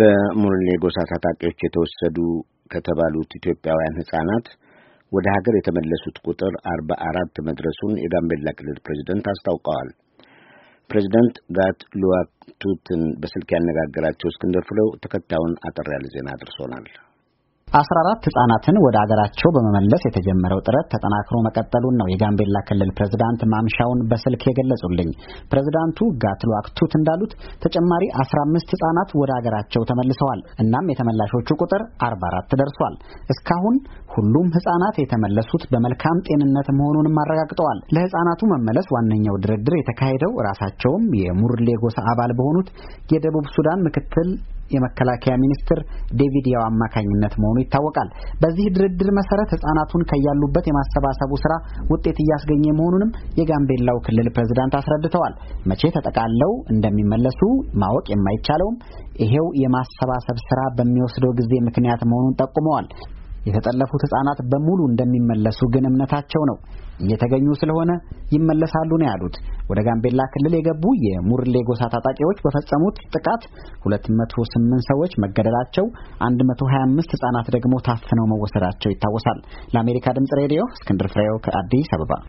በሙርሌ ጎሳ ታጣቂዎች የተወሰዱ ከተባሉት ኢትዮጵያውያን ሕፃናት ወደ ሀገር የተመለሱት ቁጥር አርባ አራት መድረሱን የጋምቤላ ክልል ፕሬዚደንት አስታውቀዋል። ፕሬዚደንት ጋት ሉዋቱትን በስልክ ያነጋገራቸው እስክንደር ፍለው ተከታዩን አጠር ያለ ዜና አድርሶናል። አስራ አራት ህጻናትን ወደ አገራቸው በመመለስ የተጀመረው ጥረት ተጠናክሮ መቀጠሉን ነው የጋምቤላ ክልል ፕሬዝዳንት ማምሻውን በስልክ የገለጹልኝ። ፕሬዝዳንቱ ጋትሎ አክቱት እንዳሉት ተጨማሪ አስራ አምስት ህጻናት ወደ አገራቸው ተመልሰዋል። እናም የተመላሾቹ ቁጥር አርባ አራት ደርሷል። እስካሁን ሁሉም ህጻናት የተመለሱት በመልካም ጤንነት መሆኑንም አረጋግጠዋል። ለህጻናቱ መመለስ ዋነኛው ድርድር የተካሄደው ራሳቸውም የሙርሌ ጎሳ አባል በሆኑት የደቡብ ሱዳን ምክትል የመከላከያ ሚኒስትር ዴቪድ ያው አማካኝነት መሆኑ ይታወቃል። በዚህ ድርድር መሰረት ህጻናቱን ከያሉበት የማሰባሰቡ ስራ ውጤት እያስገኘ መሆኑንም የጋምቤላው ክልል ፕሬዝዳንት አስረድተዋል። መቼ ተጠቃለው እንደሚመለሱ ማወቅ የማይቻለውም ይሄው የማሰባሰብ ስራ በሚወስደው ጊዜ ምክንያት መሆኑን ጠቁመዋል። የተጠለፉት ህጻናት በሙሉ እንደሚመለሱ ግን እምነታቸው ነው። እየተገኙ ስለሆነ ይመለሳሉ ነው ያሉት። ወደ ጋምቤላ ክልል የገቡ የሙርሌ ጎሳ ታጣቂዎች በፈጸሙት ጥቃት 208 ሰዎች መገደላቸው፣ 125 ህጻናት ደግሞ ታፍነው መወሰዳቸው ይታወሳል። ለአሜሪካ ድምጽ ሬዲዮ እስክንድር ፍሬው ከአዲስ አበባ